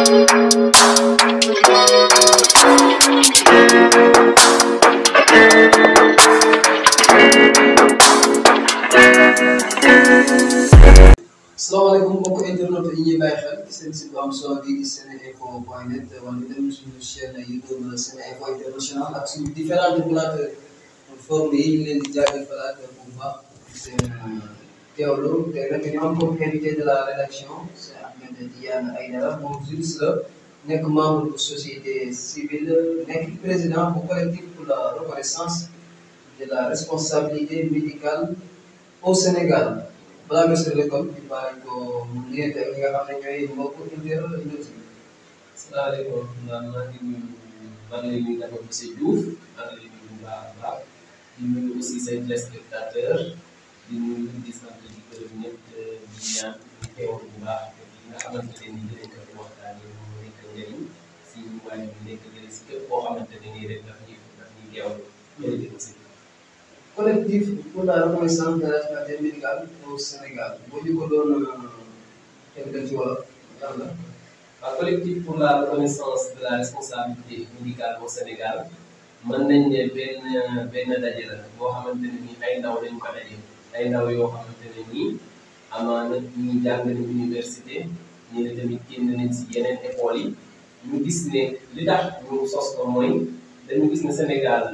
salaamaaleykum mbokki internet yi ñuy bàyyi xel ci seen site bu am solo bii di seneinfo point net wala ñu dem suñu chaîne YouTube Seneinfo International ak suñu différentes plateformes yi ñu leen di jaajëfalaat bu baax seen. teewlu tey nag ñoo am comme invité de la rédaction c'est Ahmed Diane Aïdara moom juriste la nekk membre bu société civile président bu collectif pour la reconnaissance de la responsabilité médicale au Sénégal balaa nga seetlu kon ñu bàyyi ko mu nuyoog ak ñi nga xam ne ñooy mbokk inter inter. salaamaaleykum maa ngi nuyu maa ngi nuyu naka monsieur Diouf maa ngi nuyu bu baax a baax di nuyu aussi say téléspectateurs. di nuyu di sant di gërëm ñëpp di ñaan teewal bu baax li nga xamante ne nii dinañ ko waxtaanee mu nekk njëriñ si wàllu bi nekk njëriñ si képp koo xamante ne nii rek daf ñuy daf ñuy teewal jërëjëf aussi. collectif pour la la santé médicale au Sénégal euh, la. waaw pour la reconnaissance la responsabilité médicale au Sénégal mën nañ ne benn benn daje la boo xamante ne nii ay ndaw dañ ko daje. ay ndaw yoo xamante ne nii amaana ñuy jàng nañ université ñu ne tamit génn nañ si yeneen école yi ñu gis ne li tax ñu sos ko mooy dañu gis ne Sénégal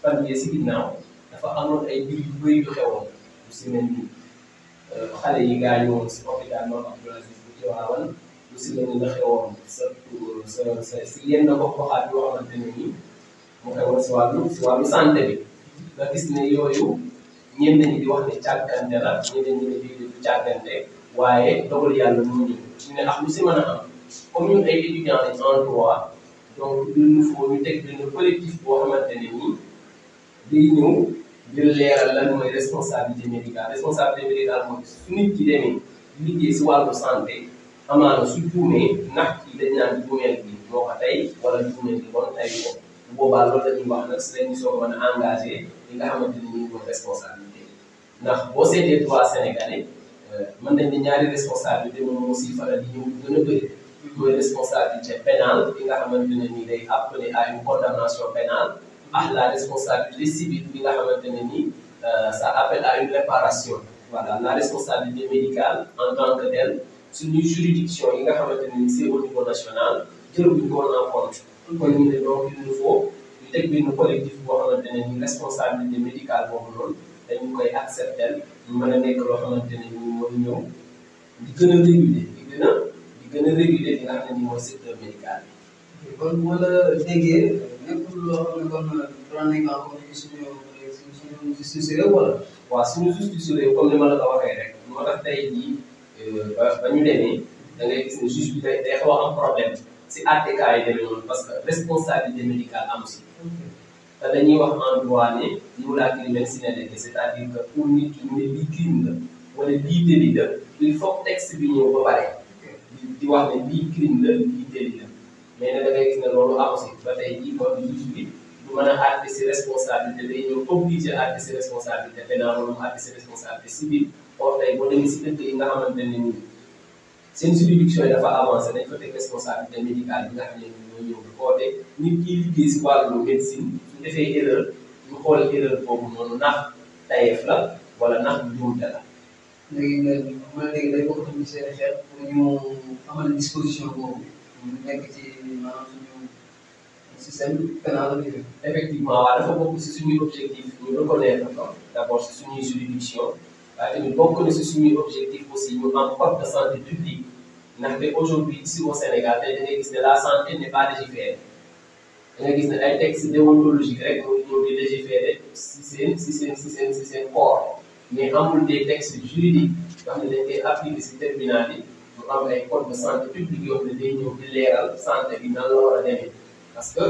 fan yii si ginnaaw dafa amoon ay mbir yu bëri yu xewoon lu si mel euh, yi gaañu woon si xewoon sa si yenn ko waxaat yoo xamante nii mu xewoon si wàllu si santé bi nga gis ne yooyu. ñenn ñi di wax ne càggante la ñeneen ñi ne bii du waaye dogal yàlla mu ngi ne ak ah, lu si a am comme ñun ay étudiants lañ en droit donc il nous faut ñu teg benn collectif boo xamante ne nii day ñëw di leeral lan mooy responsabilité médicale responsabilité médicale mooy su nit ki demee liggéey si wàllu santé amaana su juumee nax ki dañ naan juumeel bi moo ko tey wala juumeel bi kon tey ko bu boobaa loolu la wax nag si la ñu soog mën a engagé li nga ndax boo seetee droit sénégalais euh, mën nañ ne ñaari responsabilité moom moo siy faral di ñëw gën a bëri mooy responsabilité pénale bi nga xamante ne nii day à une condamnation pénale ah la responsabilité civile bi nga xamante ne nii euh, ça appelle à une réparation voilà la responsabilité médicale en tant que telle suñu juridiction yi nga xamante ne nii c'est au niveau national jëluñu ko woon en compte kon ñu ne donc il nous faut dañu koy accepter mën a nekk loo xamante ne nii mooy ñëw di gën a réguler di gën a di gën a réguler li nga xam ne nii mooy secteur médical bi. kon wala déggee nekkul loo xam ne kon daan nañ kaa ko suñu suñu justice réew wala. waaw suñu justice réew comme ni ma la ko rek moo tax tey jii euh, ba ñu demee da ngay gis ne problème si ATK yi demee noonu parce que responsabilité médicale am si. te dañuy wax en droit ne nula crimen sine lege c'est-à-dire que pour nit ki ne lii la wala lii délit la il faut texte bi ñëw ba pare di wax ne lii crime la lii délit mais nag da ngay ne loolu am ba tey jii kon juge bi du mën a àtte si responsabilité day ñëw obligé àtte si responsabilité pénale wala mu àtte si responsabilité or tey boo demee si dëkk yi nga xamante ne nii seen juridiction yi dafa avancé ne ñoo ñëw di oote defee erreur ñu xool erreur boobu noonu ndax tayeef la wala ndax njuumte la. léegi nag man léegi day bokk ci seen xel pour ñu amal disposition boobu mu nekk ci maanaam suñu système pénal effectivement waaw dafa bokk si suñuy objectif ñu reconnaître ko d' abord si suñuy juridiction waaye tamit bokk na si suñuy objectif aussi ñu am code de santé publique ndaxte aujourd'hui ici au Sénégal tey da ngay gis ne la santé n'est pas légiférée da nga e ne ay textes déontologiques rek mooy ñëw di légiférer si seen si seen si amul des textes juridiques yoo xam ne si tribunal yi am ay code de santé publique yoo xam ne day ñëw di leeral santé bi a demee parce que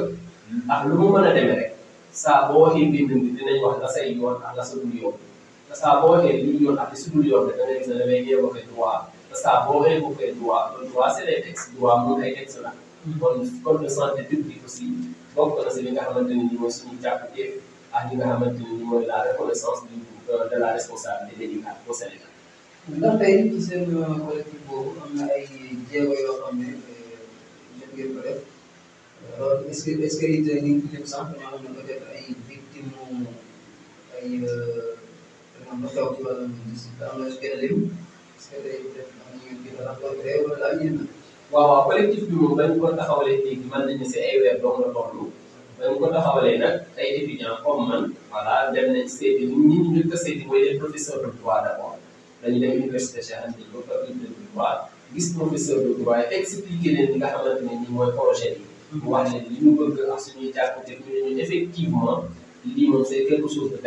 ak lu mu mën a demee rek saa boo waxee bind bi dinañ wax la say yoon ak la sa dul yoon te saa boo waxee lu yoon ak li si dul yoon rek da ngay gis ne damay évoquer droit te saa boo évoquer droit droit c'est des textes droit moom ay textes kon code de santé publique aussi bokk na si li nga xamante ne nii mooy suñu jàppatee ak li nga xamante ne nii mooy la reconnaissance du euh, de la responsabilité médicale au Sénégal. ndax tey ci seen euh, collectif boobu am na ay jéego yoo xam ne jot euh, ngeen ko def est-ce que est-ce que it ñu ngi lim sànq ñoo xam ne ko def ay victime ay am na xew ci wàllum gis am na gën a lim est-ce que tey def am na ñu gën a rapporté wala yéen waaw waaw collectif bi moom bañ ko taxawalee léegi mën nañu si ay weer dong la toll bañ ko taxawalee nag ay étudiants comme man voilà dem nañ seeti ñi ñu njëkk a seeti mooy les professeurs de droit d' abord dañu dem université Cheikh Anta Diop faculté de droit gis professeur de droit yi expliqué leen li nga xamante ne nii mooy projet bi. mu wax ne li ñu bëgg ak suñuy jàppante ñu ne ñu effectivement lii moom c'est quelque chose de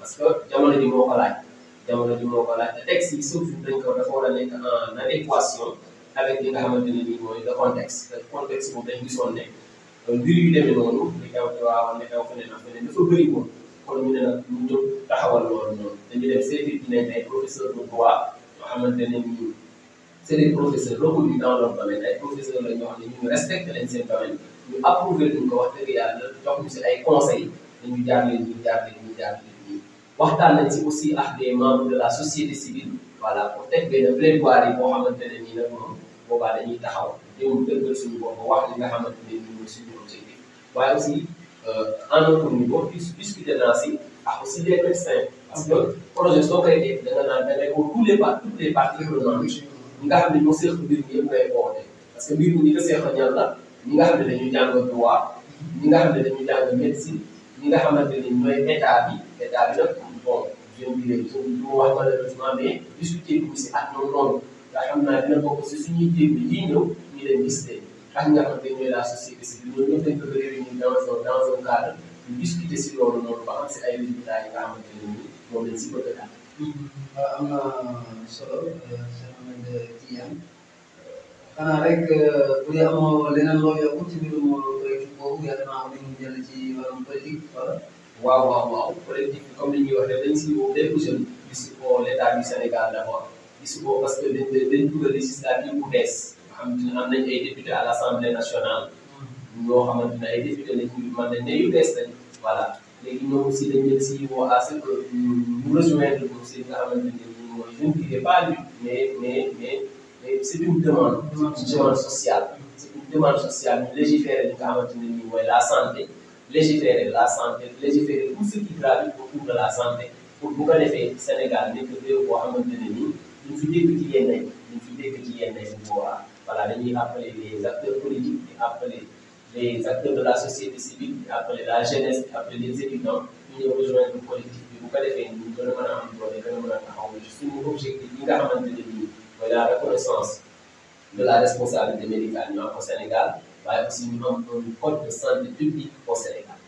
parce que jamono ji moo ko laaj jamono dañ ko dafa war avec li nga xamante ne bii mooy le contexte te contexte boobu ne euh, noonu li xew ci waaw ne xew feneen ak feneen dafa bëri woon kon ñu ne nag ñu jóg taxawal loolu noonu dañu dem seeti ñu ay professeur de droit yoo xamante ne nii c'est des professeurs reconnus dans leur domaine ay professeurs la ne ñu respecté leen seen domaine ñu approuvé duñ ko wax dëgg yàlla jox ñu si ay conseils dañu jaar leen ñu jaar leen ñu jaar leen ñu waxtaan nañ si aussi ak des membres de la société civile voilà pour boobaa dañuy taxaw ñëw dëggal suñu bopp wax li nga xamante ne nii mooy suñu objectif waaye aussi en euh, notre niveau discuté naa si ak aussi les médecins parce que projet soo koy def da nga naan da ngay woo tous les parties toutes les parties prenantes nga xam ne ñoo seq mbir mi yëpp ngay woote parce que mbir mi ñi ko seq ñan la ñi nga xam ne dañuy jàng droit ñi nga xam ne dañuy jàng médecine ñi nga xamante ne ñooy état bi état bi nag bon je dirais je ne wax malheureusement mais discuter si ak ñoom noonu. ndax xam naa dina bokk si suñuy jéem yi ñëw ñu leen gis tey ak nga xam ne ñooy la société civile ñoom ñëpp dañ ko réunir dans un dans un cadre ñu discuter si loolu noonu ba am si ay résultats yi nga xamante ne nii moom lañ si bëgg a daal. Mm-hmm. waaw am na solo sëñ Amady Diagne xanaa rek euh, bu dee amoo leneen loo yokk ci mbirum projet boobu yàlla naa am lu ñu jël ci wàllum politique wala. waaw waaw waaw politique comme li ñuy wax rek dañ si woo bépp jeune di si woo l' état du Sénégal d' abord. gis ko parce que dañ dañ législative bu bees nga ay député à l' nationale. ñoo xamante ay député lañ ñu ne yu bees lañ voilà léegi ñoom aussi dañ si woo à ce que ñu rejoindre ko si nga xamante ne nii mooy je ne dirai pas lui mais mais mais mais c' est une demande. c' est une demande sociale. c' la santé légiférer la santé légiférer tout ce qui gravite autour la santé pour bu ko defee Sénégal nekk réew ñu fi dégg ci yenn ñu fi dégg ci yenn bu boobaa voilà dañuy appeler les acteurs politiques les acteurs de la société civile di appeler la jeunesse di les étudiants ñu ñëw rejoindre collectif bi bu ko defee ñu gën a mën a am doole gën a mën a taxaw suñu objectif yi nga xamante ne nii la reconnaissance de la responsabilité médicale ñu am au Sénégal waaye aussi ñu am un code de santé publique au Sénégal.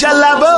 jàllaaba